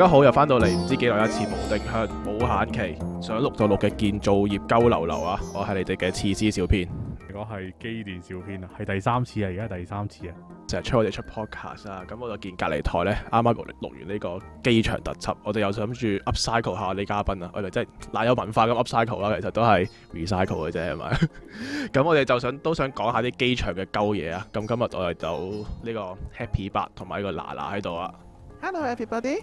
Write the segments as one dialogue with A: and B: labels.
A: 大家好，又翻到嚟，唔知幾耐一次無定向冇限期，想錄就錄嘅建造業鳩流流啊！我係你哋嘅廁師小編，如果係機電小編啊，係第三次啊，而家第三次啊，成日催我哋出 podcast 啊，咁我就見隔離台呢，啱啱錄完呢個機場特輯，我哋又想住 u p c y c l e 下啲嘉賓啊，我哋即係懶有文化咁 u p c y c l e 啦，其實都係 recycle 嘅啫係咪？咁 我哋就想都想講下啲機場嘅鳩嘢啊，咁今日我哋就呢個 Happy 八同埋呢個娜娜喺
B: 度啊。
C: Hello everybody。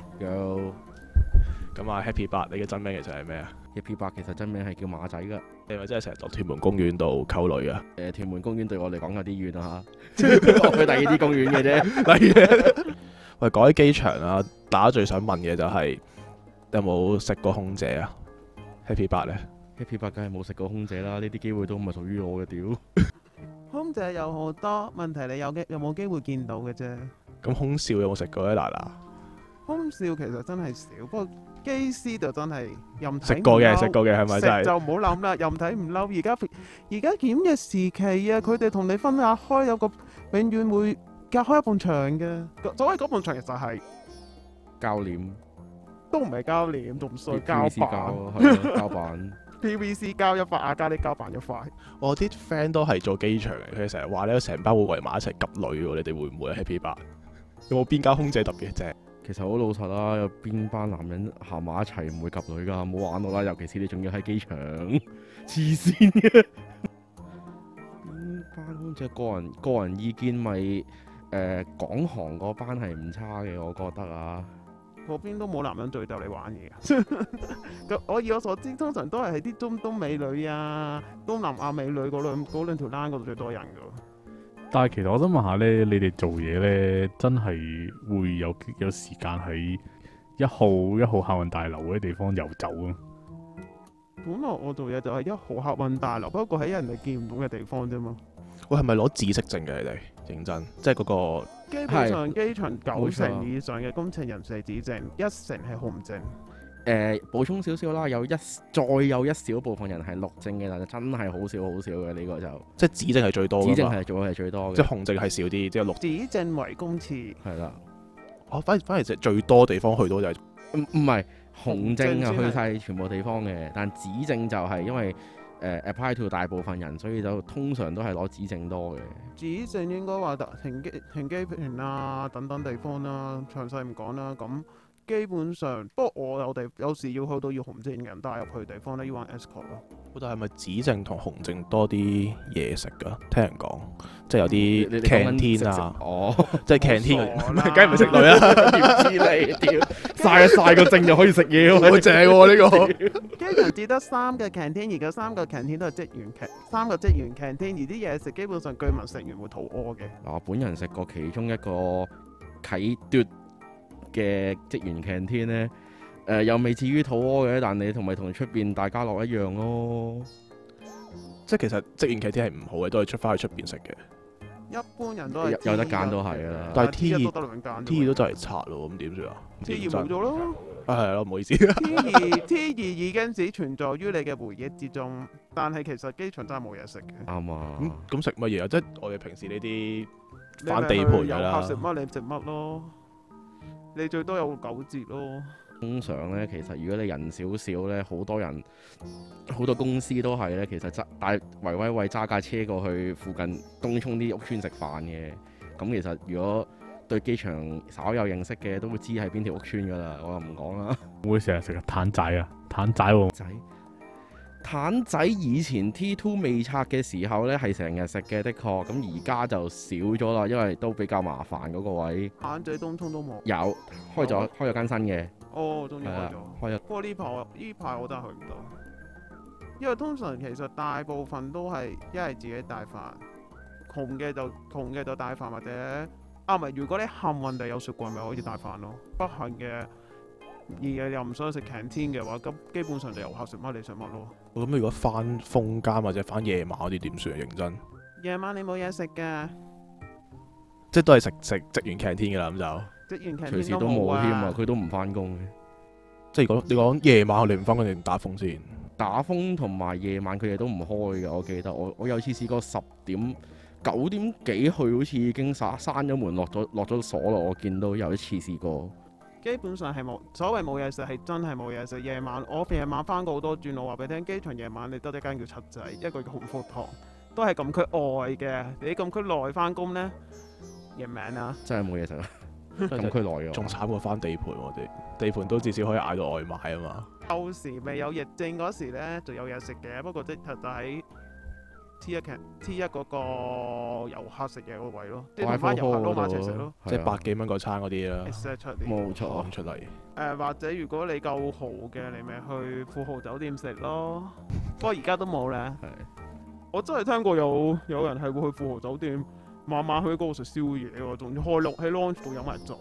B: 咁啊，Happy 八，你嘅真名其實係咩啊？Happy 八其實真名係叫馬仔噶。你咪真係成日落屯門公園度溝女、嗯、啊？誒， 屯門公園對我嚟講有啲遠啊，去第二啲公園嘅啫。喂，講
A: 起機場啊，大家最想問嘅就係、是、有冇食過空姐
B: 啊？Happy 八咧？Happy 八梗係冇食過空姐啦，呢啲機會都唔係屬於我嘅屌。
C: 空姐有好多問題，你有機有冇機會見到嘅啫？
B: 咁
A: 空少有冇食過咧，娜娜？
C: 空少其實真係少，不過機師就真係任睇。食過嘅，食過嘅係咪就唔好諗啦，任睇唔嬲。而家而家檢嘅時期啊，佢哋同你分隔開有個永遠會隔開一棟牆嘅。所謂嗰棟牆其實係膠簾，都唔係膠簾，仲衰膠板。PVC 膠一百加啲膠板一塊。
A: 我啲 friend 都係做機場，佢成日話咧，成班會圍埋一齊夾女。你哋會唔會 Happy 八有冇邊間空姐
B: 特別正？其實好老實啦，有邊班男人行埋一齊唔會及女噶，冇玩到啦！尤其是你仲要喺機場，黐線嘅。邊班即係個人個人意見，咪、呃、誒港行嗰班係唔差
C: 嘅，我覺得啊。嗰邊都冇男人最鬥你玩嘢㗎。 我以我所知，通常都係喺啲中東美女啊、東南亞美女嗰兩嗰兩條 line 嗰度最多人㗎。
D: 但係其實我想問下咧，你哋做嘢咧，真係會有有時間喺一號一號客運大樓嗰啲地方遊走啊？
C: 本來我做嘢就係一號客運大樓，不過喺人哋見唔到嘅地方啫嘛。
A: 我係咪攞紫色證嘅？你哋認真，即係嗰個。基本上機場九成
C: 以上嘅工程人士紫證，一、啊、成係紅證。
B: 誒、呃、補充少少啦，有一再有一小部分人係綠證嘅，但係真係好少好少嘅呢、呢個就，即係指證係
A: 最多嘅，指證係做嘅最多嘅，即係紅證係少啲，即係綠。指證為公廁係啦，我、哦、反而反而就最多嘅地方去到就唔唔係
B: 紅證啊，去晒全部地方嘅，但指證就係因為誒、呃、apply to 大部分人，所以就通常都係攞指證多嘅。
C: 指證應該話停機停機坪啊等等地方啦、啊，詳細唔講啦咁。基本上，不過我哋有時要去到要紅證人帶入去嘅地方咧，要玩 escort 咯。
A: 嗰度係咪紫證同紅證多啲嘢食噶、啊？聽人講，即係有啲 canteen 啊，哦，即係 canteen，梗係唔食女啦，
D: 屌你，屌 曬曬個證就可以食嘢，好正喎呢個。
C: 經 常只得三個 canteen，而個三個 canteen 都係職員 canteen，三個職員 canteen 而啲嘢食基本上居民食完會肚屙嘅。
B: 嗱，我本人食過其中一個啟奪。嘅職員 canteen 咧，誒、呃、又未至於肚屙嘅，但你同埋同出邊大家樂一樣咯、哦。即係其實職員 canteen 係唔好嘅，都係出返
A: 去出邊食嘅。
C: 一般人都係有得
A: 揀都係啦，但係 T 二 T 二都，都就嚟拆咯，咁點算啊？T 二冇咗咯，係咯，唔好意思。T 二
C: T 二已經只存在於你嘅回憶之中，但係其實機場真係冇嘢食嘅。
A: 啱啊，咁食乜嘢啊？即係我哋
C: 平時呢啲返地盤有啦。有食乜，你食乜咯？你最多有九折咯。
B: 通常呢，其實如果你人少少呢，好多人，好多公司都係呢。其實揸，但係維威偉揸架車過去附近東涌啲屋村食飯嘅。咁其實如果對機場稍有認識嘅，都會知係邊條屋村㗎喇。我又唔講啦。會成日食日譚仔啊！譚仔喎。鏟仔以前 T Two 未拆嘅時候呢，係成日食嘅，的確。咁而家就少咗啦，因為都比較麻煩嗰個位。
C: 鏟仔東涌都冇。
B: 有，開咗開咗間新嘅。哦，
C: 終於開咗、哦。開咗。不過呢排呢排我都係去唔到，因為通常其實大部分都係一係自己帶飯，窮嘅就窮嘅就帶飯，或者啊唔係，如果你幸運地有雪櫃，咪可以帶飯咯。不幸嘅。而你又唔想食 canteen 嘅話，咁基本上就遊客食乜你食乜咯。
A: 我諗，如果返風更或者翻夜晚嗰啲點算？認真
C: 夜晚你冇嘢食嘅，
A: 即係都係食食職員 canteen 嘅啦。咁就
C: 職員 canteen 都冇添啊。
B: 佢都唔翻工嘅。即係如果你講夜晚，你唔翻佢哋打風先？打風同埋夜晚佢哋都唔開嘅。我記得我我有次試過十點九點幾去，好似已經撒閂咗門，落咗落咗鎖咯。我見到有一次試過。
C: 基本上係冇所謂冇嘢食，係真係冇嘢食。夜晚我平夜晚翻過好多轉路，話俾你聽，機場夜晚你得一間叫七仔，一個叫鴻福堂，都係咁區外嘅。你咁區內翻工咧，認命啦、
B: 啊。真係冇嘢食啊！咁區內嘅
A: 仲慘過翻地盤我，我哋地盤都至少可以嗌到外賣啊嘛。
C: 到時未有疫症嗰時咧，就有嘢食嘅。不過即係就喺、是。T 一客，T 一嗰個遊客食嘢嗰個位咯，即係買翻遊客攞馬車食咯，即係百幾
A: 蚊個餐嗰啲啦。
C: 冇錯，出嚟。誒、啊、或者如果你夠豪嘅，你咪去富豪酒店食咯。不過而家都冇咧。係。我真係聽過有有人係會去富豪酒店晚晚去嗰度食宵夜喎，仲要開六喺 lounge 飲埋酒。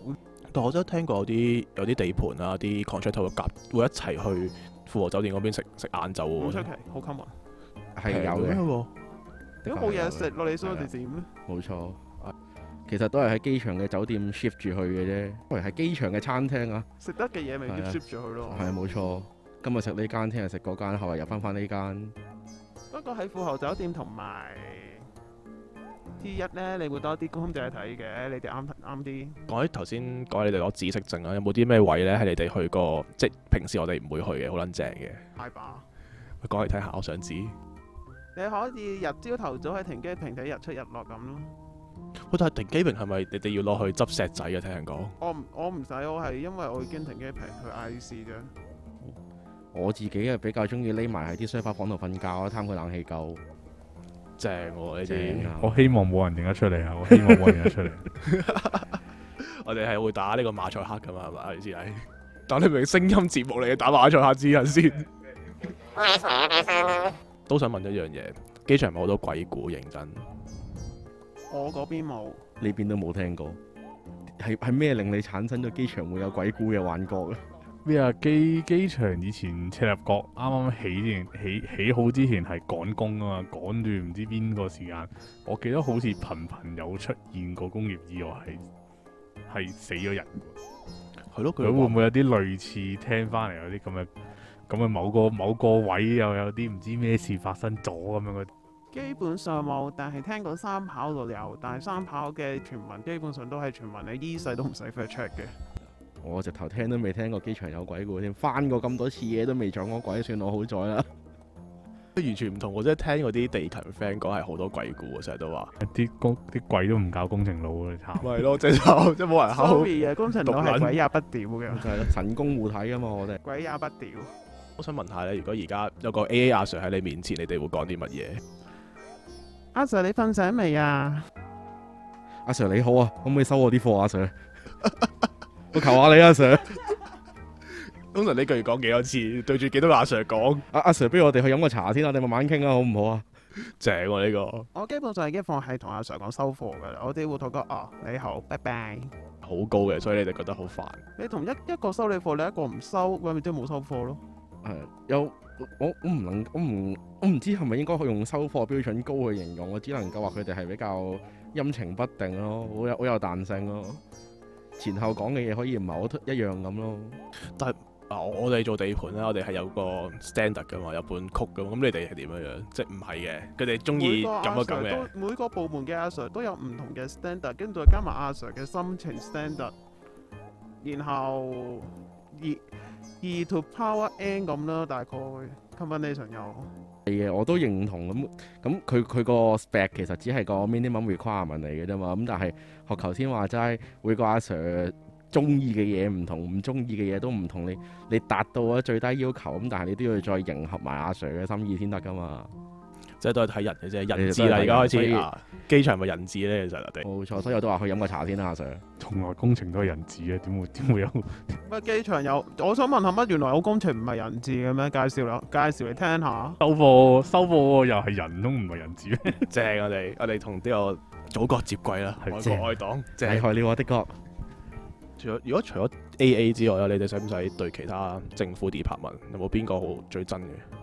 A: 但我真係聽過有啲有啲地盤啊，啲 contractor 會夾會一齊去富豪酒店嗰邊
B: 食食晏酒喎。好出
C: 奇，好 common。係
A: 有嘅。如果冇嘢食落嚟，你
C: 想我哋點咧？
B: 冇錯，其實都係喺機場嘅酒店 shift 住去嘅啫。係機場嘅餐廳啊，
C: 食得嘅嘢咪 shift 住去咯。係
B: 啊，冇錯，今日食呢間，聽日食嗰間，後日又翻翻呢間？
C: 不過喺富豪酒店同埋 T 一咧，你會多啲空姐睇嘅。你哋啱啱啲。講
B: 起頭先，講你
A: 哋攞紫色證啊，有冇啲咩位咧？係你哋去過，即平時我哋唔會去嘅，好撚正嘅。係吧？講嚟睇下，我想知。
C: 你可以日朝頭早喺停機坪睇日出日落咁咯。
A: 好，但係停機坪係咪你哋要攞去執石仔嘅？聽人講。
C: 我唔我唔使，我係因為我會經停機坪去 IC 嘅。
B: 我自己係比較中意匿埋喺啲沙發房度瞓覺，貪佢冷氣夠正啊。我哋
D: 我希望冇人認得出嚟啊！我希望冇人認得出嚟。
B: 我哋係 會打呢個
A: 馬賽克噶嘛？係咪？i 但係你咪聲音節目嚟嘅，打馬賽克之前先。
B: 都想問一樣嘢，機場咪好多鬼故，認真。
C: 我嗰邊冇，
B: 你邊都冇聽過。係係咩令你產生咗機場會有鬼故嘅幻覺咧？咩啊？機機場以前赤鱲角啱
D: 啱起之前，起起好之前係趕工啊嘛，趕住唔知邊個時間，我記得好似頻頻有出現過工業意外，係係死咗人。係咯，佢會唔會有啲類似聽翻嚟嗰啲咁嘅？咁啊，某個某個位又有啲唔知咩事發生咗咁樣嘅。
C: 基本上冇，但係聽過三跑度有，但係三跑嘅傳聞基本上都係傳聞，你醫世都唔使出嘅。
B: 我直頭聽都未聽過機場有鬼故，添，返過咁多次嘢都未撞過鬼，算我好彩啦。 都完全唔同，我真係聽嗰啲地勤 friend 講係好多鬼故，成日都
A: 話
D: 啲啲鬼都唔搞工程佬。咪 咯不，即係即
C: 係冇人考。所以工程佬
B: 係鬼也不屌嘅。 就係啦，神功護體㗎嘛，我哋鬼也不屌。我想問下咧，如果
A: 而家有個 A A 阿 Sir 喺你面前，你哋會講啲乜嘢？
C: 阿 Sir，你瞓醒未啊？
B: 阿 Sir，你好啊，可唔可以收我啲貨、啊？阿 Sir， 我求下你、啊、阿 Sir。
A: 通常呢句要講幾多次？對住幾多阿 Sir 講？
B: 阿阿 Sir，不如我哋去飲個茶先啦，我哋慢慢傾啊，好唔好啊？正啊呢、這個。
C: 我基本上已經放棄同阿 Sir 講收貨噶啦，我哋會同佢哦你好，拜拜。好高嘅，所以你哋覺得好煩。你同一一個收你貨，你一個唔收，咁咪都冇收貨咯。誒，有
B: 我我唔能，我唔我唔知係咪應該可以用收貨標準高去形容，我只能夠話佢哋係比較陰晴不定咯，好有好有彈性咯，前後講嘅嘢可以唔係好一樣咁咯。但係啊，我哋做地盤咧，我哋係有個 standard
A: 噶嘛，有半曲噶嘛，咁你哋係點樣樣？即係唔係嘅，佢哋中意咁樣咁樣。
C: 每個部門嘅阿 Sir 都有唔同嘅 standard，跟住加埋阿 Sir 嘅心情 standard，然後二 to power n 咁啦，大概 combination 有
B: 係啊。我都認同咁，咁佢佢個 spec 其實只係個 minimum requirement 嚟嘅啫嘛，咁但係學頭先話齋，每個阿 Sir 中意嘅嘢唔同，唔中意嘅嘢都唔同，你你達到咗最低要求，咁但係你都要再迎合埋阿 Sir 嘅心意先得㗎嘛。即係都係睇人嘅啫，人治啦而家開始。機場咪人治咧，其實。冇錯，所以我都話去飲個茶先啦，阿 Sir。
D: 從來工程都係人治嘅，點會點會有？
C: 喂，機場有？我想問下乜？原來有工程唔係人治嘅咩？介紹啦，介紹嚟聽下。
A: 收貨收貨，又係人都唔係人治。正、啊、你我哋我哋同啲個祖國接軌啦，愛國愛黨，厲害了我的國。
C: 除咗如
A: 果除咗 A A 之外，你哋使唔使對其他政府啲部門？有冇邊個最真嘅？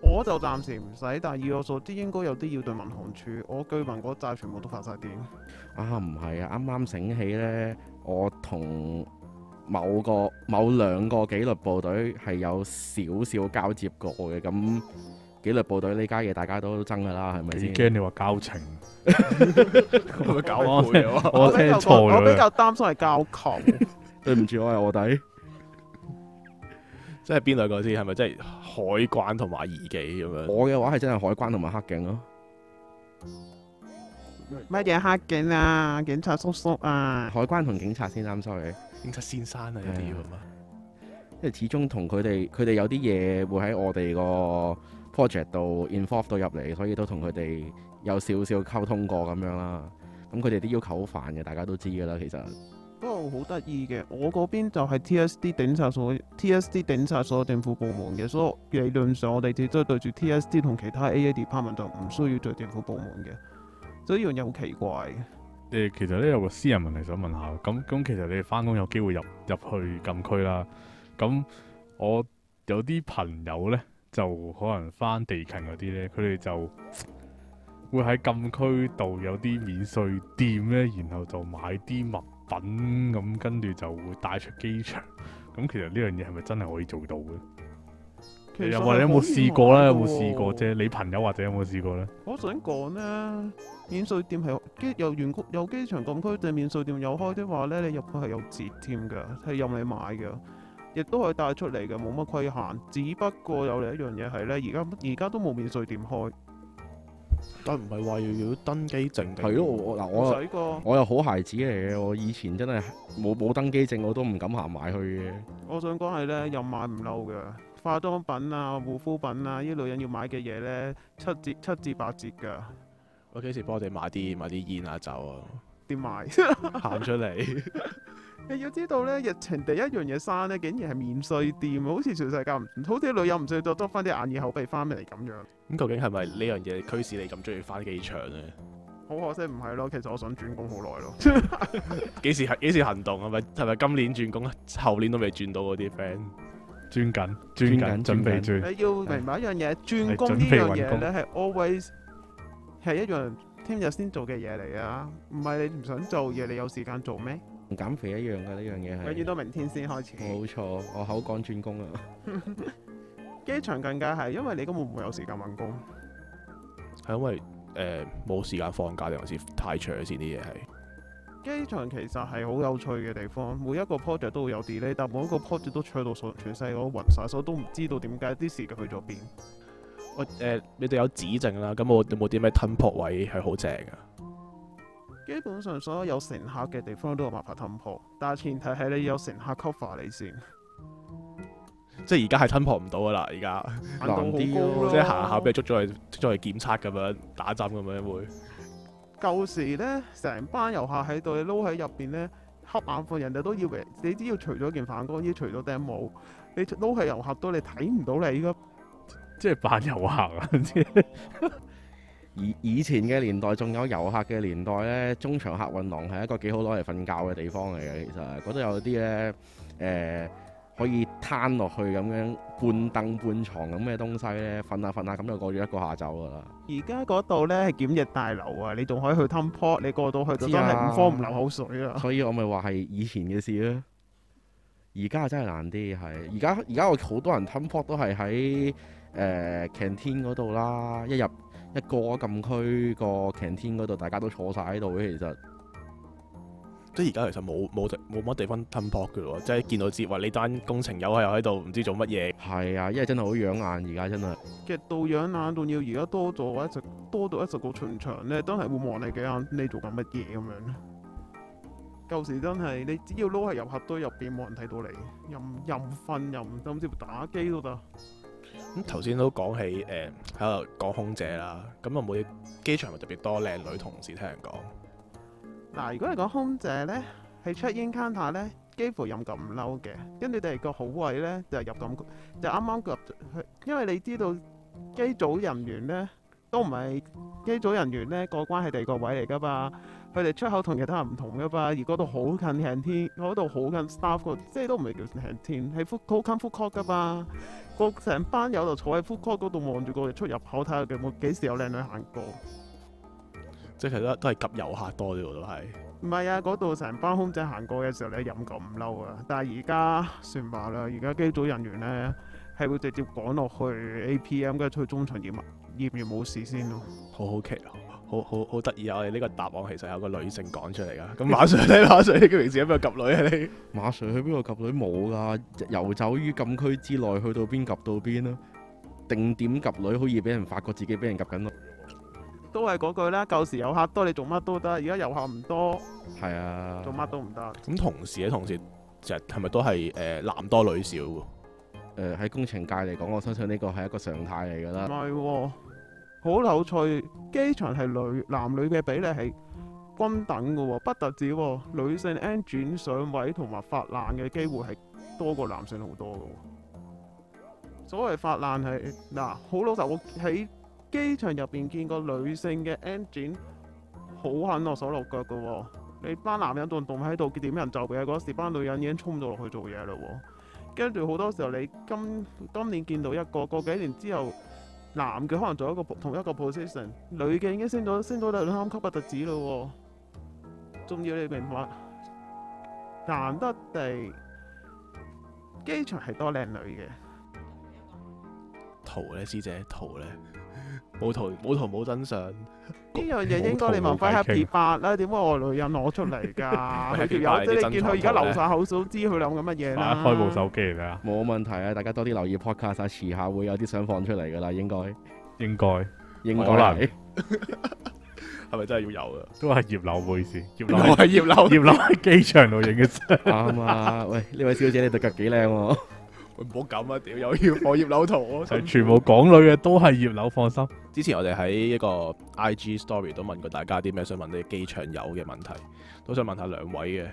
C: 我就暫時唔使，但係以我所知應該有啲要對民航處。我據聞嗰債全部都發晒電。
B: 啊，唔係啊，啱啱醒起咧，我同某個某兩個紀律部隊係有少少交接過嘅。咁紀律部隊呢家嘢大家都爭噶啦，係咪先？驚你話交情
C: 我搞我的我，我聽錯。我比較擔心係交情。
B: 對唔住，我係臥底。
A: 即係邊兩個先係咪？是不是即係海
B: 關同埋耳機咁樣。我嘅話係真係海關同埋黑警咯。乜嘢黑警啊？警察叔叔啊？海關同警察先生 sorry。警察先生啊一定要啊即係始終同佢哋佢哋有啲嘢會喺我哋個 project 度 involve 到入嚟，所以都同佢哋有少少溝
C: 通過咁樣啦。咁佢哋啲要
B: 求好煩嘅，大家都知㗎啦。其實。
C: 不過好得意嘅，我嗰邊就係 T S D 頂查所，T S D 頂查所政府部門嘅，所以理論上我哋只都對住 T S D 同其他 A A Department 就唔需要對政府部門嘅，所以呢樣嘢好奇怪
D: 嘅。誒，其實咧，有個私人問題想問下，咁咁其實你哋翻工，有機會入入去禁區啦。咁我有啲朋友咧，就可能翻地勤嗰啲咧，佢哋就會喺禁區度有啲免稅店咧，然後就買啲物。粉咁跟住就會帶出機場，咁其實呢樣嘢係咪真係可以做到嘅？
C: 其實話你有冇試過咧？有冇試過啫？
D: 你朋友或者有冇試過咧？
C: 我想講咧，免稅店係機由園區由機場禁區定免稅店有開的話咧，你入去係有折添㗎，係任你買㗎，亦都可以帶出嚟嘅，冇乜規限。只不過有另一樣嘢係咧，而家而家都冇免稅店開。但唔係話要要登
B: 機證，係咯？我嗱我我有好孩子嚟嘅，我以前真係冇冇登機證，我都唔敢行埋去嘅。
C: 我想講係咧，又買唔嬲㗎化妝品啊、護膚品啊，啲女人要買嘅嘢咧，七折七至八折噶。幫我幾時幫我
A: 哋買啲買啲煙啊酒啊？啲賣行出嚟。
C: 你要知道咧，疫情第一樣嘢刪咧，竟然係免稅店，好似全世界，唔好似啲旅遊唔再再多翻啲眼耳口鼻翻嚟咁樣。咁
A: 究竟係咪呢樣嘢驅使你咁中意翻機場咧？
C: 好可惜唔係咯，其實我想轉工好耐咯。
A: 幾 時行？幾時行動啊？咪係咪今年轉工啊？後年都未轉到嗰啲 friend 轉緊轉緊準備轉。你要
C: 明白一樣嘢，轉工呢樣嘢呢係 always 係一樣聽日先做嘅嘢嚟啊！唔係你唔想做嘢，你有時間做咩？同減肥一樣噶，呢樣嘢係，永遠都明天先開始。冇錯，我口講轉工啊！機 場更加係，因為你根本唔會有時間揾工，
B: 係因為誒冇，呃、時間
A: 放假，定還是太長先啲嘢係？
C: 機場其實係好有趣嘅地方，每一個 project 都會有 delay，但每一個 project 都吹到全全世我暈晒，所以都唔知道點解啲時間去咗邊。
A: 我、呃、誒、呃，你哋有指證啦，咁我有冇啲咩吞 POK 位係好正
C: 啊？基本上所有乘客嘅地方都有辦法吞破，但係前提係你要有乘客 cover 你先。
A: 即係而家係吞破唔到噶啦，而家即係行下俾人捉咗去，捉咗去檢測咁樣打針咁樣會。
C: 舊時咧，成班遊客喺度，你撈喺入邊咧，黑眼鏡，人哋都要嘅。你只要除咗件反光衣，除咗頂帽，你撈喺遊客度，你睇唔到你噶。
B: 即係扮遊客啊！ 以以前嘅年代，仲有遊客嘅年代呢，中場客運廊係一個幾好攞嚟瞓覺嘅地方嚟嘅。其實嗰度有啲呢，誒、呃、可以攤落去咁樣半凳半床咁嘅東西呢，瞓下瞓下咁就過咗一個下晝㗎啦。
C: 而家嗰度呢係檢疫大樓啊，你仲可以去吞泡，你過到去就真係五方唔流口水啊。所
B: 以我咪話係以前嘅事啦。而家真係難啲，係而家而家我好多人吞 pok 都係喺誒 canteen 嗰度啦，一入一個禁區、個 canteen 嗰度，大家都坐晒喺度嘅，其實即係而家其實冇冇冇乜地方吞
A: pok 嘅咯，即係見到接話呢單工程有喺度，唔知做乜嘢。係啊，因為真係好養眼，而
B: 家真係。其
C: 實到養眼，仲要而家多咗一隻多到一隻個巡場咧，你都係會望你幾眼，你做緊乜嘢咁樣咧。舊時真係你只要撈喺入核堆入邊，冇人睇到你，任任瞓任甚至乎打機都得。咁
A: 頭先都講起誒喺度講空姐啦，咁又冇啲機場咪特別多靚女
C: 同事？聽人講嗱，如果你講空姐咧，係 check in counter 咧，幾乎任撳唔嬲嘅。跟住第二個好位咧，就入咁就啱啱入去，因為你知道機組人員咧都唔係機組人員咧過關係第二個位嚟噶嘛。佢哋出口同其他人唔同噶嘛，而嗰度好近 head team 嗰度好近 staff 嗰度，即係都唔係叫 head team，係富好近 food court 噶嘛。個成班友就坐喺 food court 嗰度望住個出入口，睇下有冇幾時有靚女行過。
A: 即係其實都係急遊客多啲喎，都係。
C: 唔係啊，嗰度成班空姐行過嘅時候，你飲咁唔嬲啊！但係而家算話啦，而家機組人員咧係會直接趕落去 A.P.M. 跟住出去中場業務業員冇事先咯，好好奇啊、喔！好好好得
A: 意啊！我哋呢個答案其實有個女性講出嚟噶，咁馬瑞， 馬瑞，你平時喺邊度及女啊？你
B: 馬瑞去邊度及女冇噶？游走於禁區之內，去到邊及到邊啊？定點及女，好易俾人發覺自己俾人及緊咯。
C: 都係嗰句啦，舊時遊客多，你做乜都得；而家遊客唔多，
B: 係啊，
C: 做乜都唔得。
B: 咁同事咧，同事就係咪都係誒男多女少？誒、呃，喺工程界嚟講，我相信呢個係一
C: 個常態嚟噶啦，係、啊。好有趣，機場係女男女嘅比例係均等嘅喎、哦，不特止、哦、女性 e n g 轉上位同埋發爛嘅機會係多過男性好多嘅、哦。所謂發爛係嗱，好、啊、老實，我喺機場入邊見過女性嘅 e n g 好肯落手落腳嘅喎、哦。你班男人動動喺度點人做嘢嗰時，班女人已經衝到落去做嘢啦喎。跟住好多時候，你今今年見到一個，過幾年之後，男嘅可能做一個同一個 position，女嘅已經升咗升咗兩三級，不特止咯，仲要你明白，難得地機場係多靚女嘅。
A: 圖咧，師姐，圖咧。冇圖，冇圖冇真相。
C: 呢樣嘢應該你問翻 Happy 八啦，點、啊、解我女人攞出嚟噶？佢條友，你見佢而家流晒口水，知佢諗緊乜嘢啦？開部手機
B: 嚟啊！冇、啊啊啊、問題啊，大家多啲留意 Podcast，遲、啊、下會有啲相放出嚟噶啦，應該，應該，應該嚟。
C: 係咪 真係
D: 要
A: 有啊？
B: 都係葉柳，
D: 唔好意思，葉柳葉柳，葉柳喺
B: 機場度影嘅相啱
D: 啊！喂，呢 位小姐你對腳幾靚喎？
A: 唔好咁啊！屌、啊，又要放葉柳圖，全
D: 部港女嘅都係葉柳，放心。
A: 之前我哋喺一個 IG Story 都問過大家啲咩想問你機場友嘅問題，都想問下兩位嘅。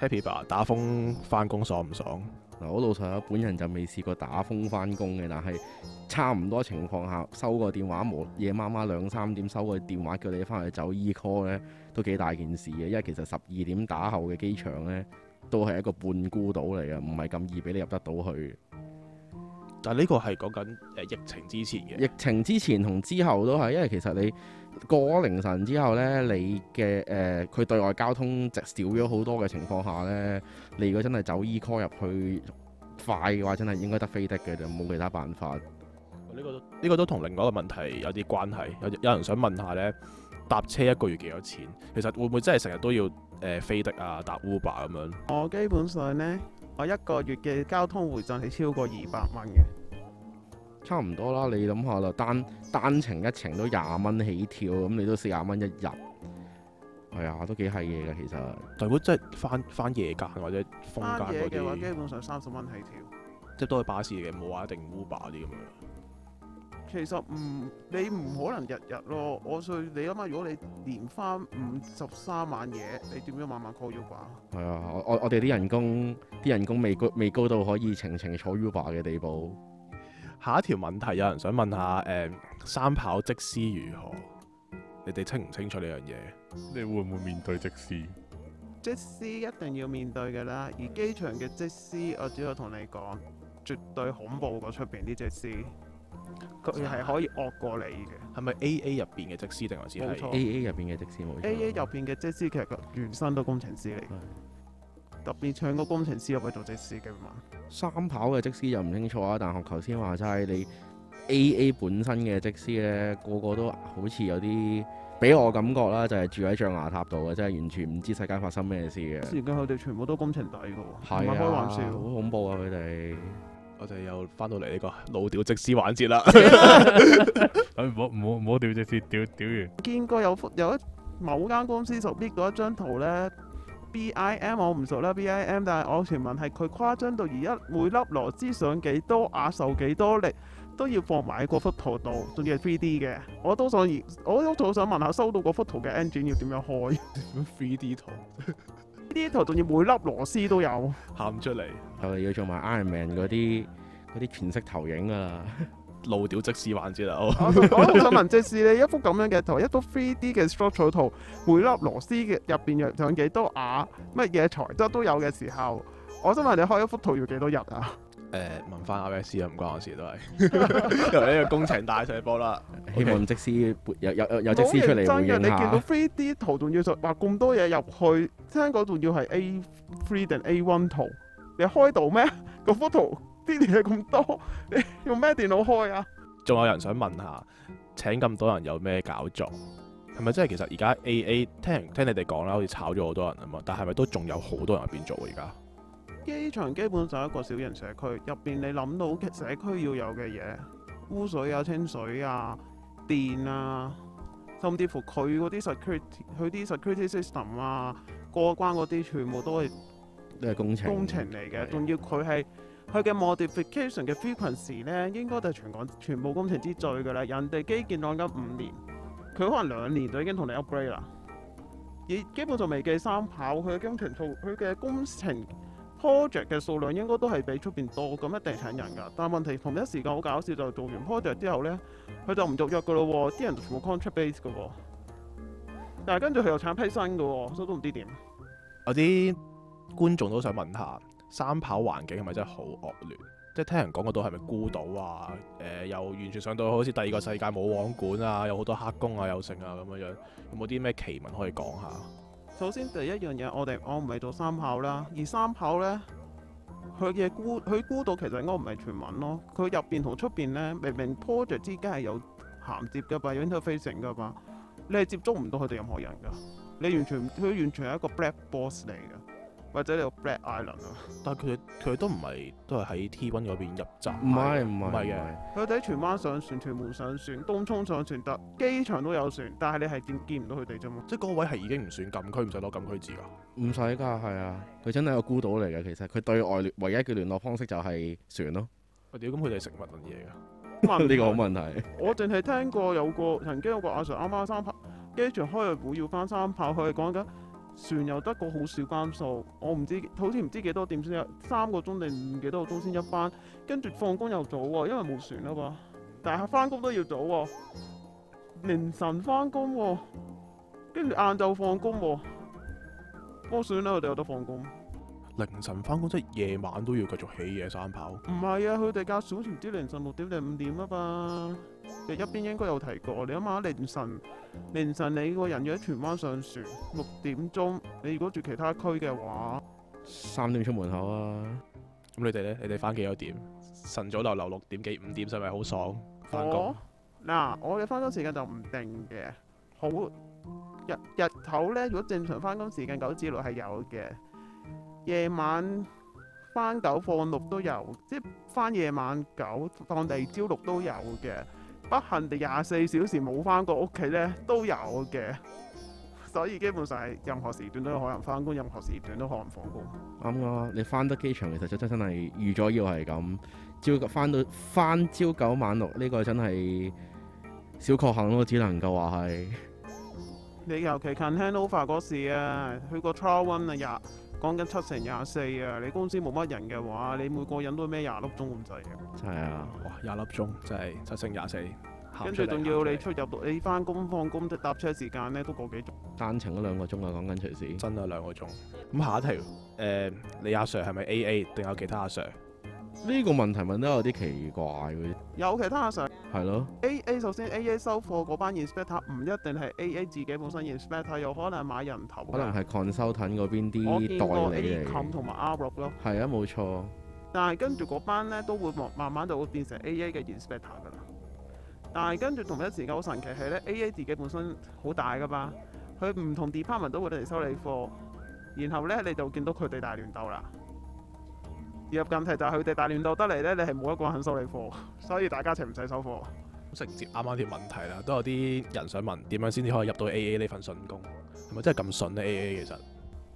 A: Happy 爸
B: 打風返工爽唔爽？嗱，我老實講本人就未試過打風返工嘅，但係差唔多情況下收個電話，無夜媽媽兩三點收個電話叫你翻去走 E call 咧，都幾大件事嘅。因為其實十二點打後嘅機場呢，都係一個半孤島嚟嘅，唔係咁易俾你入得到去。但係呢個係講緊誒疫情之前嘅。疫情之前同之後都係，因為其實你過咗凌晨之後呢，你嘅誒佢對外交通直少咗好多嘅情況下呢，你如果真係走 E call 入去快嘅話，真係應該得飛的嘅，就冇其他辦法。呢個呢個都同、這個、另外一個問題有啲關係。有有人想問下呢，
A: 搭車一個月幾多錢？其實會唔會真係成日都要？誒、呃、飛迪啊，搭 Uber 咁樣。
C: 我基本上呢，我一個月嘅交通回贈係超過二百蚊嘅。
B: 差唔多啦，你諗下啦，單單程一程都廿蚊起跳，咁你都四廿蚊一日。係、哎、啊，都幾係嘢嘅其實。如果即係翻翻夜間
A: 或者風格嘅啲，嘅話基
C: 本上三十蚊起跳。
A: 即係都係巴士嚟嘅，冇話一定 Uber 啲咁
C: 樣。其實唔，你唔可能日日咯。我想你諗下，如果你連翻五十三萬嘢，你點樣慢慢 call Uber
B: 吧？係啊，我我哋啲人工啲人工未高未高到可以情情坐 Uber 嘅地步。
A: 下一條問題有人想問下，誒、嗯，三跑即師如何？你哋清唔清楚呢樣嘢？你會唔會面對即師？
C: 即師一定要面對噶啦。而機場嘅即師，我只係同你講，絕對恐怖過出邊啲即師，佢係可以惡過你嘅，係咪 A A 入邊嘅則師定還是 A
A: A 入
B: 邊嘅則師？冇錯，A
C: A 入邊嘅則師其實原身都工程師嚟，嘅，特別搶個工程師入去做則師嘅嘛。
B: 三跑嘅則師就唔清楚啊，但學頭先話齋，你 A A 本身嘅則師咧，個個都好似有啲俾我感覺啦，就係、是、住喺象牙塔度嘅，真係完全唔知世界發生咩事嘅。
C: 而家佢哋全部都工程底嘅，唔係開玩笑，好
B: 恐怖啊佢哋。我就又翻到嚟呢、這個老屌
A: 則師環節啦！ 哎，唔好唔好唔好屌則師屌！屌完。
C: 見過有幅有一某間公司做 lift 嗰一張圖咧，BIM 我唔熟啦，BIM 但係我傳聞係佢誇張到而家每粒螺絲上幾多瓦、啊、受幾多力都要放埋喺幅圖度，仲要係 3D 嘅。我都想，我都都想問下收到嗰幅圖嘅 engine 要點樣開？3D 圖，呢 啲圖仲要每粒螺絲都有，喊唔出嚟。
B: 我哋要做埋 Iron Man 嗰啲嗰啲全息投影啊，老屌即視玩節啊 ！
C: 我想問即視你一幅咁樣嘅圖，一幅 three D 嘅 structure 圖，每粒螺絲嘅入邊有有幾多瓦乜嘢材質都都有嘅時候，我想問你開一幅圖要幾多日啊？
A: 誒、呃，問翻 I.S. 啊，唔關我事都係
B: 又 一個工程大細波啦、 okay。希望即視有有有即視出嚟回應下。你見到
C: three D 圖仲要畫咁多嘢入去，聽講仲要係 A three 定 A one 圖。你開到咩？嗰幅圖啲嘢咁多，你用咩電腦開啊？
A: 仲有人想問下，請咁多人有咩搞作？係咪真係其實而家 A A 聽聽你哋講啦，好似炒咗好多人啊嘛？但係咪都仲有好多人入邊做啊？而家
C: 機場基本上就一個小型社區，入邊你諗到嘅社區要有嘅嘢，污水啊、清水啊、電啊，甚至乎佢嗰啲 security 佢啲 security system 啊，過關嗰啲，全部都係。
B: 都係工程工程
C: 嚟嘅，仲要佢係佢嘅 modification 嘅 frequency 咧，應該就係全港全部工程之最噶啦。人哋基建講緊五年，佢可能兩年就已經同你 upgrade 啦。而基本就未計三跑，佢嘅工程數，佢嘅工程 project 嘅數量應該都係比出面多，咁一定請人噶。但係問題同一時間好搞笑，就係、做完 project 之後咧，佢就唔續約噶咯喎，啲人全部 contract based 噶喎。但係跟住佢又請批新噶喎，所以都唔知點。
A: 有啲觀眾都想問下三跑環境係咪真係好惡劣？即係聽人講嗰度係咪孤島啊？誒，又完全上到好似第二個世界，冇王管啊，有好多黑工啊，有剩啊咁樣樣，有冇啲咩奇聞可以講下？
C: 首先第一樣嘢，我哋我唔係做三跑啦，而三跑呢，佢嘅孤佢孤島其實應該唔係傳聞咯，佢入邊同出邊呢，明明 project 之間係有銜接嘅，有 interfacing 噶嘛，你係接觸唔到佢哋任何人噶，你完全佢完全係一個 black boss 嚟噶。或者你有 Black
A: Island 啊？但係佢佢都唔係都係喺 T1 嗰邊入閘，唔係唔係嘅。
C: 佢哋喺荃灣上船，屯門上船，東涌上船得，機場都有船，但係你係見見唔到佢哋啫嘛。即係嗰位係已經唔算禁區，唔使攞禁區字㗎。
B: 唔使㗎，係啊，佢真係個孤島嚟嘅。其實佢對外唯一嘅聯絡方式就係船咯。
A: 我屌，咁佢哋食乜嘢㗎？
C: 呢 個好問題。 我淨係聽過有個曾經有個阿 Sir 啱啱三跑跟住開完會要翻三跑，佢哋講緊。船又得個好少班數，我唔知好似唔知幾多點先有三個鐘定唔幾多個鐘先一班，跟住放工又早喎、哦，因為冇船啊嘛，但係翻工都要早喎、哦，凌晨翻工喎，跟住晏晝放工喎，算啦、哦，我哋有得放工。
A: 凌晨翻工即係夜晚都要繼續起夜三跑，
C: 唔係啊，佢哋教早唔知凌晨六點定五點啊嘛，你一邊應該有提過，你諗下凌晨，凌晨你個人要喺荃灣上船，六點鐘你如果住其他區嘅話，三
A: 點出門口啊，咁你哋咧，你哋翻幾多點？晨早流流六點幾五點是是，係咪好爽
C: 翻工？嗱，我嘅翻工時間就唔定嘅，好日日頭咧，如果正常翻工時間九至六係有嘅。夜晚翻九放六都有，即係翻夜晚九放第二朝六都有嘅。不幸地廿四小時冇翻過屋企咧都有嘅，所以基本上係任何時段都有可能翻工，任何時段都可能放工。
B: 啱、嗯、啊、嗯！你翻得機場其實就真真係預咗要係咁，朝翻到翻朝九晚六呢個真係小確幸咯，我只能夠話係。
C: 你尤其近 Hanover 嗰時過1，啊，去過 trial run 啊日。講緊七乘廿四啊！你公司冇乜人嘅話，你每個人都咩廿粒鐘咁滯
A: 嘅。係、就是、啊，哇！廿粒鐘真係七乘廿四。跟住仲要你
C: 出入到你翻工放工搭車時間咧，都過幾鐘。
B: 單程都兩個鐘啊！講緊隨時。真係兩個鐘。咁下一條，誒、呃、你阿 Sir 係咪 AA 定有其他阿 Sir？ 啊呢、呢個問題問得有啲奇怪嘅，
C: 有其他阿 Sir？係咯，A A 首先 A A 收貨嗰班 inspector 唔一定係 A A 自己本身 inspector 有可能係買人頭，可能係
B: consortium 嗰邊啲代理嚟嘅。我
C: 見過 AECOM 同埋 Arup 咯。
B: 係啊，冇錯。
C: 但係跟住嗰班咧都會慢慢就會變成 A A 嘅 inspector 㗎啦。但係跟住同一時間好神奇係咧、啊、，A A 自己本身好大㗎嘛，佢唔同 department 都會嚟收你貨，然後咧你就見到佢哋大亂鬥啦。入近題就係佢哋大亂鬥得嚟咧，你係冇一個肯收你貨，所以大家一齊唔使收貨。
A: 好，承接啱啱條問題啦，都有啲人想問點樣先至可以入到 AA 呢份順工，係咪真係咁順呢？AA 其實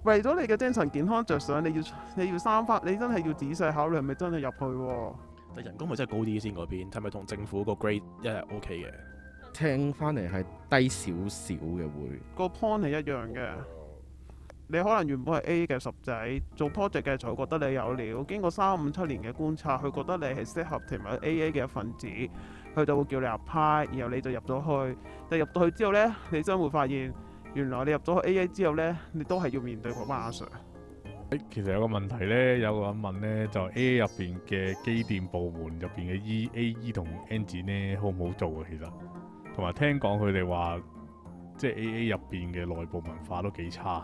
C: 為咗你嘅精神健康着想，你要你要三翻，你真係要仔細考慮係咪真係入去、啊。
A: 但人工咪真係高啲先嗰邊？係咪
C: 同政
B: 府個 grade
C: 一係 OK 嘅？
B: 聽翻嚟係低少少嘅會。
C: 個 point 係一樣嘅。Oh. 你可能原本係 A A 嘅十仔做 project 嘅，就覺得你有料。經過三五七年嘅觀察，佢覺得你係適合，同埋 A A 嘅一份子，佢就會叫你 apply，然後你就入咗去。但入到去之後呢，你真會發現原來你入咗去 A A 之後呢，你都係要面對嗰班阿 Sir。
D: 其實有個問題呢，有個人問呢，就 A A 入邊嘅機電部門入邊嘅 E A E 同 Engine 咧，好唔好做啊？其實同埋聽講佢哋話，即係 A A 入邊嘅內部文化都幾差。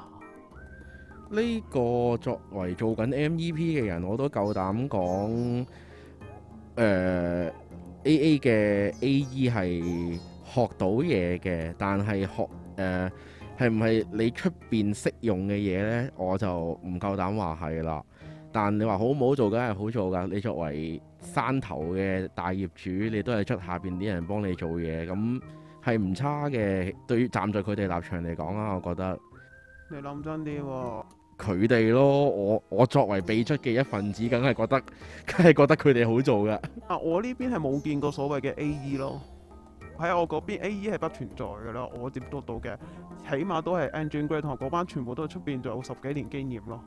B: 呢、這個作為做緊 M E P 嘅人，我都夠膽講，誒、呃、A A 嘅 A E 係學到嘢嘅，但係學誒係唔係你出邊識用嘅嘢呢？我就唔夠膽話係啦。但你話好唔好做，梗係好做噶。你作為山頭嘅大業主，你都係出下邊啲人幫你做嘢，咁係唔差嘅。對於站在佢哋立場嚟講啊，我覺得。
C: 你諗真啲喎。
B: 佢哋咯，我我作為俾出嘅一份子，梗係覺得，梗係覺得佢哋好做嘅。
C: 啊，我呢邊係冇見過所謂嘅 A.E. 咯，喺我嗰邊 A.E. 係不存在㗎啦。我接觸到嘅，起碼都係 engineer grade 同學嗰班，全部都係出邊做有十幾年經驗咯。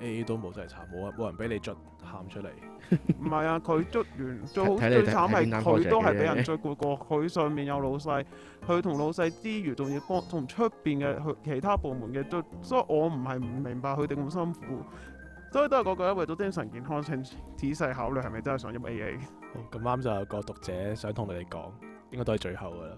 C: A A 都冇真係慘，冇啊，冇人俾你捽喊出嚟。唔係啊，佢捽完最好最慘係佢都係俾人捽過，佢上面有老細，佢、嗯、同老細之餘，仲要幫同出邊嘅佢其他部門嘅捽，所以我唔係唔明白佢哋咁辛苦。所以都係嗰句啦，為咗精神健康，請仔細考慮係咪真係想入 A A。好，咁啱
A: 就有個讀者想同你哋講，應該都係最後噶啦。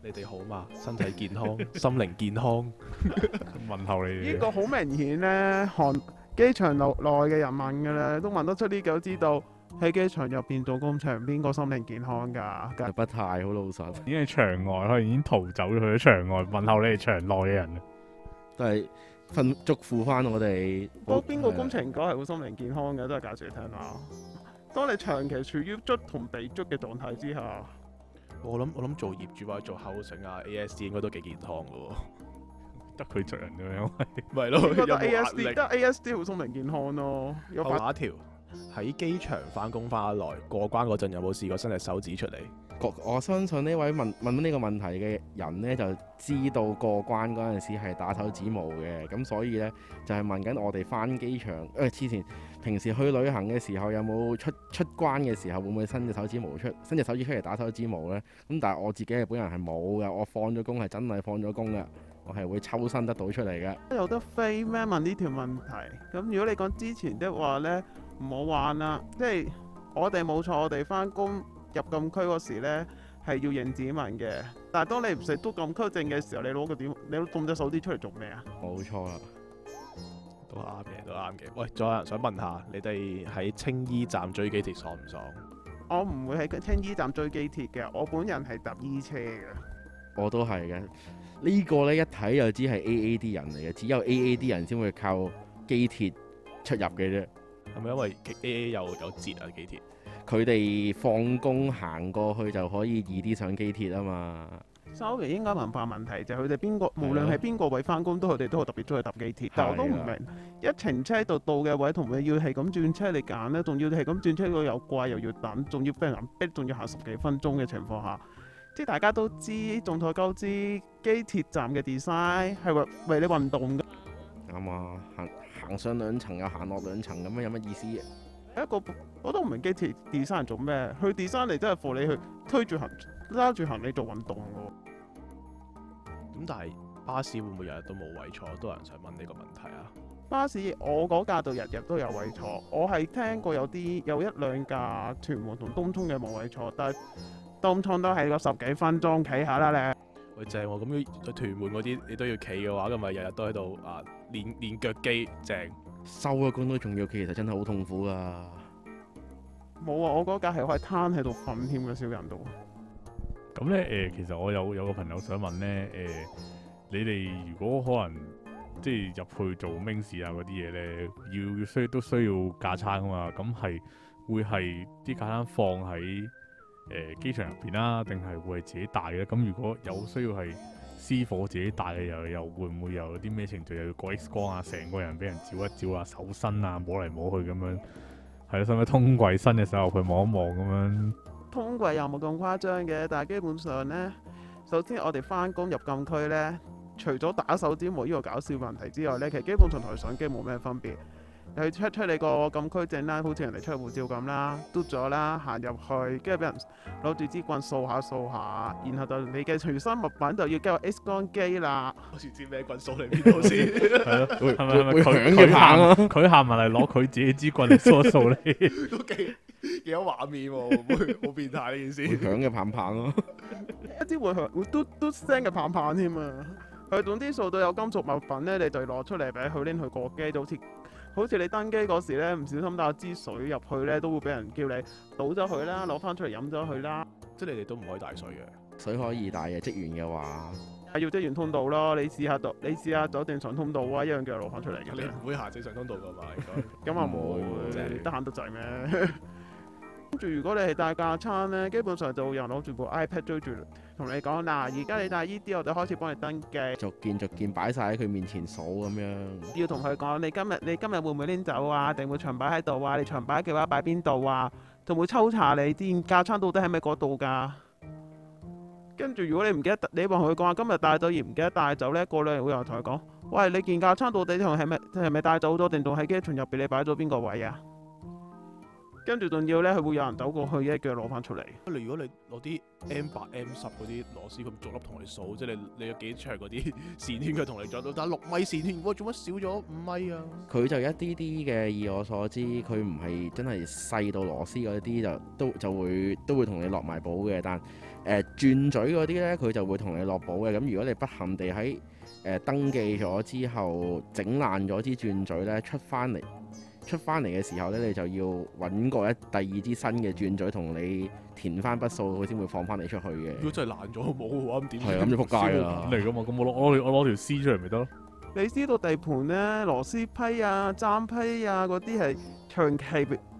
A: 你哋好嘛？身體健康， 心靈健康， 問候你哋。這個、呢個好
C: 明顯咧，看。機場內內嘅人問嘅咧，都問得出呢狗，知道喺機場入邊做工程邊個心靈健康
D: 㗎？不太好老實，已經係場外，可能已經逃走咗去咗場外，問
B: 候你哋場內嘅人。但係，順續附翻我哋，當邊個工
C: 程哥係好心靈健康嘅，都係介紹嚟聽下。當你長期處於卒同被卒嘅狀態之下，我諗我諗做業主或者做後承啊 A S D 應該都幾健
A: 康嘅喎。得佢著人咁樣，咪係咪咯？覺 對了 得 A S D 得
C: A S D 好聰明健康咯、哦。後下一
A: 條喺機場翻工翻嚟過關嗰陣，有冇試過
B: 伸隻手指出嚟？我相信呢位問問呢個問題嘅人呢，就知道過關嗰陣時係打手指模嘅，咁所以呢，就係、是、問緊我哋翻機場。誒、呃，之前平時去旅行嘅時候有有，有冇出出關嘅時候會唔會伸隻手指模出，伸隻手指出嚟打手指模呢？咁但係我自己本人係冇嘅，我放咗工係真係放咗工嘅。我係會抽身得到出嚟嘅。
C: 有得飛咩？問呢條問題。咁如果你講之前的話呢，唔好玩啦。即係我哋冇錯，我哋返工入禁區嗰時呢係要認指紋嘅。但係當你唔使篤禁區證嘅時候，你攞個點？你攞咁多手指出嚟做咩啊？冇錯啦，
A: 都啱嘅，都啱嘅。喂，仲有人想問下，你哋喺青衣站追機鐵爽唔爽？
C: 我唔會喺青衣站追機鐵嘅，我本人係搭衣車嘅。
B: 我都係嘅，呢、呢個呢，一睇就知係 A A 啲人嚟嘅，只有 A A 啲人先會靠機鐵出入嘅啫。
A: 係咪因為 A A 又有折啊機鐵？
B: 佢哋放工行過去就可以易啲上機鐵啊嘛。
C: 收嚟應該文化問題就係佢哋邊個，無論係邊個位翻工，都佢哋都特別中意搭機鐵。啊、但我都唔明，啊、一程車度到嘅位，同佢要係咁轉車嚟揀呢？仲要係咁轉車嗰又貴，怪又要等，仲要俾人逼，仲要行十幾分鐘嘅情況下。即係大家都知，縱所交知機鐵站嘅 design 係為為你運動㗎。啱啊，行行上兩層又行落兩層咁啊，有乜意思啊？一個我都唔明機鐵 design 係做咩，佢 design 嚟都係扶你去推住行、拉住行李做運動咁、嗯、但
A: 係巴士會唔會日日都冇位坐？都有人想問呢個問題啊。
C: 巴士我嗰架度日日都有位坐，我係聽過有啲有一兩架屯門同東涌嘅冇位坐，但係。當初都係個十幾分鐘企下啦咧，喂正喎，哦！咁佢屯
A: 門嗰啲你都要企嘅話，咁咪日日都喺度啊練練腳肌正。
C: 收咗
B: 工都仲要企，其實真係好痛苦啊。
C: 冇啊，我嗰架係可以攤喺度瞓添嘅少人到。
D: 咁咧誒，其實我有有個朋友想問咧誒，呃，你哋如果可能即係入去做名士啊嗰啲嘢咧，要需都需要架撐啊嘛，咁係會係啲架撐放喺？誒機場入邊啦，定係會係自己帶嘅？咁如果有需要係私貨自己帶嘅，又又，又會唔會有啲咩程序？又要過 X 光啊，成個人俾人照一照啊，搜身啊，摸嚟摸去咁樣，係咯，使唔使通櫃身嘅時候去望一望咁樣？
C: 通櫃又冇咁誇張嘅，但係基本上咧，首先我哋翻工入禁區咧，除咗打手指模冇呢個搞笑問題之外咧，其實基本上同台相機冇咩分別。佢 check 出你個禁區證啦，好似人哋出護照咁啦，嘟咗啦，行入去，跟住俾人攞住支棍掃下掃下，然後就你嘅隨身物品就要交 X 光機啦。好似知咩棍掃你邊度先？係咯，咪係佢棒佢行埋嚟攞佢自己支棍嚟掃掃你 都 棒棒、啊 都。都幾幾有畫面喎，會好變態呢件事。
B: 響嘅棒棒咯，
C: 一啲會會嘟嘟聲嘅棒棒添啊！佢總之掃到有金屬物品咧，你就攞出嚟俾佢拎去過機，就好似～好似你登機嗰時咧，唔小心帶支水入去咧，都會俾人叫你倒咗佢啦，攞翻出嚟飲咗佢啦。即係你哋都唔可以帶水嘅，
B: 水可以帶嘅，職員嘅話
C: 係要職員通道咯。你試下到，你試下走正常通道啊，一樣叫佢攞翻出嚟嘅。你唔會行正常通道㗎嘛？咁啊冇，即係你得閑得滯咩？ 跟住如果你係帶架餐呢，基本上就有人攞住部 iPad 追住同你講嗱，而家你帶呢啲，我就開始幫你登記，
B: 逐件逐件擺晒喺佢面前數咁樣。
C: 要同佢講你今日你今日會唔會拎走啊？定會長擺喺度啊？你長擺嘅話擺邊度啊？仲會抽查你啲架餐到底喺咪嗰度㗎？跟住如果你唔記得，你話佢講話今日帶走而唔記得帶走呢，過兩日會又同佢講，喂，你件架餐到底同係咪係咪帶走咗，定仲喺機場入邊你擺咗邊個位啊？跟住仲要咧，佢會有人走過去一腳攞翻出嚟。例如如果你攞啲 M
A: 八、M 十嗰啲螺絲咁，逐粒同你數，即係你你有幾長嗰啲線圈佢同你捽到，但係六米線圈，做乜少咗五米啊？
B: 佢就一啲啲嘅，以我所知，佢唔係真係細到螺絲嗰啲就都就會都會同你落埋簿嘅，但係誒鑽嘴嗰啲咧，佢就會同你落簿嘅。咁如果你不幸地喺誒、呃、登記咗之後整爛咗支鑽嘴咧，出翻嚟。出翻嚟嘅時候咧，你就要揾個一第二支新嘅鑽嘴同你填翻筆數，佢先會放翻你出去嘅。如
C: 果真係爛咗冇嘅話，咁點？咁、嗯、就撲
B: 街啦嚟噶嘛！咁我攞攞攞條絲出嚟咪得咯？
C: 你知道地盤咧，螺絲批啊、粘批啊嗰啲係長期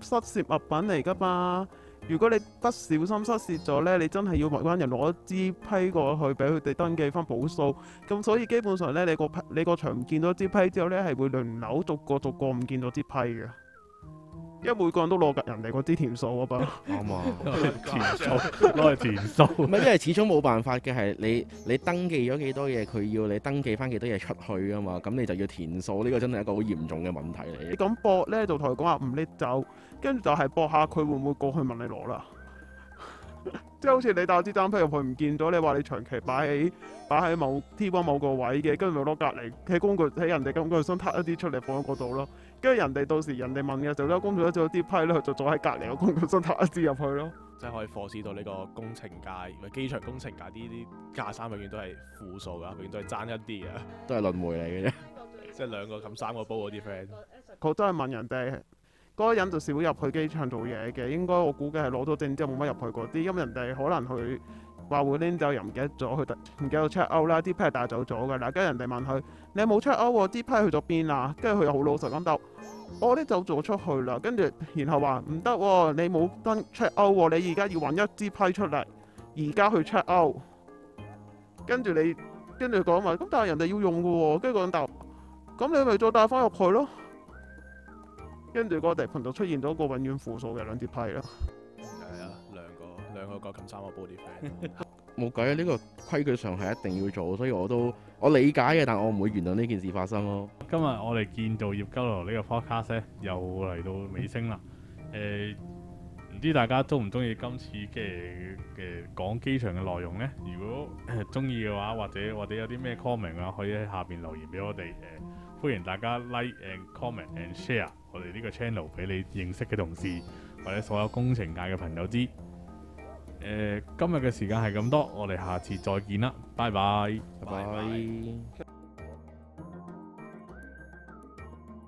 C: 失竊物品嚟噶嘛。如果你不小心失竊咗呢，你真係要埋班人攞支批過去俾佢哋登記翻補數，咁所以基本上呢，你個批你個場唔見到支批之後呢，係會輪流逐個逐個唔見到支批嘅。因為每個人都攞人哋嗰支填數啊嘛，填數攞去填數。係，因
B: 為始終冇辦法嘅係你你登記咗幾多嘢，佢要你登記翻幾多嘢出去啊嘛。咁你就要填數，呢、這個真係一個好嚴重嘅問題嚟。你咁博
C: 咧，就同佢講話唔，拎走，跟住就係博下佢會唔會過去問你攞啦。 即係好似你帶支單批入去唔見咗，你話你長期擺喺擺喺某地方某,某,某,某個位嘅，跟住咪攞隔籬喺工具喺人哋咁嘅箱撻一啲出嚟放喺嗰度咯。跟住人哋到時人哋問嘅就咧，工廠做咗啲批咧，就坐喺隔離個公廠身投一支入去咯。即係可
A: 以駁市到呢個工程界，機場工程界啲啲架生永遠都係負數噶，永遠都係爭一啲啊，
C: 都係輪迴嚟嘅啫。
A: 即係兩個咁三個煲嗰啲 friend，
C: 佢都係問人哋嗰、嗰個人就少入去機場做嘢嘅，應該我估計係攞到證之後冇乜入去嗰啲，因為人哋可能去。話會拎走又唔記得咗，去唔記得 check out 啦，啲批帶走咗噶啦。跟住人哋問佢：你冇 check out 喎，啲批去咗邊啦？跟住佢又好老實咁答：我拎走咗出去啦。跟住然後話唔得，你冇登 check out 喎、哦，你而家要揾一支批出嚟，而家去 check out。跟住你跟住講話，咁但係人哋要用嘅喎、哦。跟住講答：咁你咪再帶翻入去咯。跟住個地盤度出現咗個永遠負數嘅兩支批啦。
A: 兩個個咁三個 body，
C: 冇計啊！呢個規矩上係一定要做，所以我都
B: 我理解嘅，但我唔會原諒呢件事發生咯。
D: 今日我哋建造孽鳩流呢個 podcast 咧，又嚟到尾聲啦。誒、呃，唔知大家中唔中意今次嘅嘅講機場嘅內容呢？如果中意嘅話，或者或者有啲咩 comment 啊，可以喺下邊留言俾我哋。誒、呃，歡迎大家 like and comment and share 我哋呢個 channel 俾你認識嘅同事或者所有工程界嘅朋友知。呃、今日嘅時間係咁多，我哋下次再見啦，拜拜，拜拜。